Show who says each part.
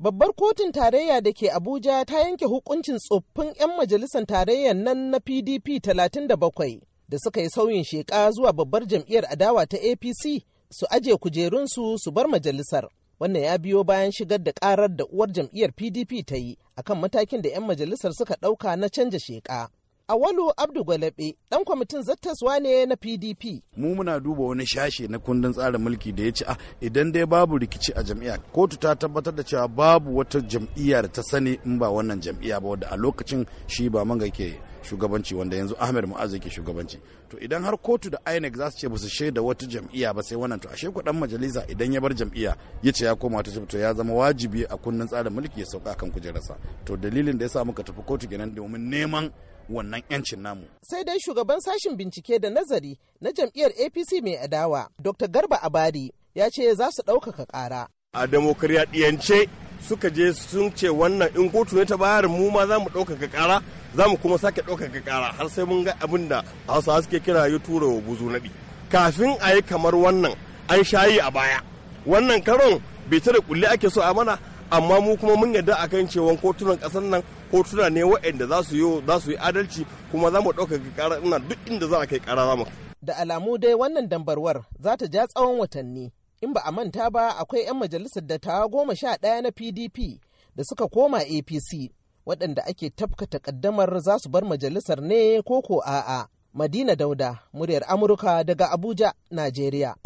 Speaker 1: Babbar kotun tarayya da ke Abuja ta yanke hukuncin tsoffin 'yan majalisar tarayya nan na PDP 37 da suka yi sauyin sheƙa zuwa babbar jam'iyyar adawa ta APC su aje kujerunsu su bar majalisar. Wannan ya biyo bayan shigar da ƙarar da uwar jam'iyyar PDP ta yi akan matakin da 'yan majalisar suka ɗauka na canja sheƙa. Awalu Abdu Gwalabe dan kwamitin zattaswa ne na PDP. Mu muna duba wani
Speaker 2: shashe na kundin tsarin mulki da ya ci ah idan dai babu rikici a jam'iyya kotu ta tabbatar da cewa babu wata jam'iyya da ta sani in ba wannan jam'iyya ba wadda a lokacin shi ba manga ke shugabanci wanda yanzu ahmed mu'az yake shugabanci to idan har kotu da inec za su ce ba su shaida wata jam'iya ba sai wannan to ashe ku dan majalisa idan ya bar jam'iya ya ce ya koma ta to ya zama wajibi a kunnen tsarin mulki ya sauka kan kujerarsa to dalilin da ya sa muka tafi kotu kenan domin neman wannan yancin namu.
Speaker 1: Sai dai shugaban sashen bincike da nazari na jam'iyyar APC mai adawa, Dr. Garba Abadi, ya ce za su ɗaukaka ƙara.
Speaker 3: A dimokuraɗiyance suka je sun ce wannan in kotu ne ta bayar mu ma za mu ɗaukaka ƙara za mu kuma sake ɗaukaka ƙara har sai mun ga abin da hausawa suke kira ya tura wa buzu naɗi kafin a yi kamar wannan an shayi a baya wannan karon bai tare kulle ake so a mana amma mu kuma mun yarda akan cewa kotunan ƙasar nan kotuna ne waɗanda za su yi za su yi adalci kuma za mu ɗaukaka ƙara ina duk inda za a kai ƙara za mu
Speaker 1: da alamu dai wannan dambarwar za ta ja tsawon watanni in ba a manta ba akwai 'yan majalisar dattawa goma sha ɗaya na pdp da suka koma apc waɗanda ake tafka takaddamar za su bar majalisar ne ko ko a'a madina dauda muryar amurka daga abuja najeriya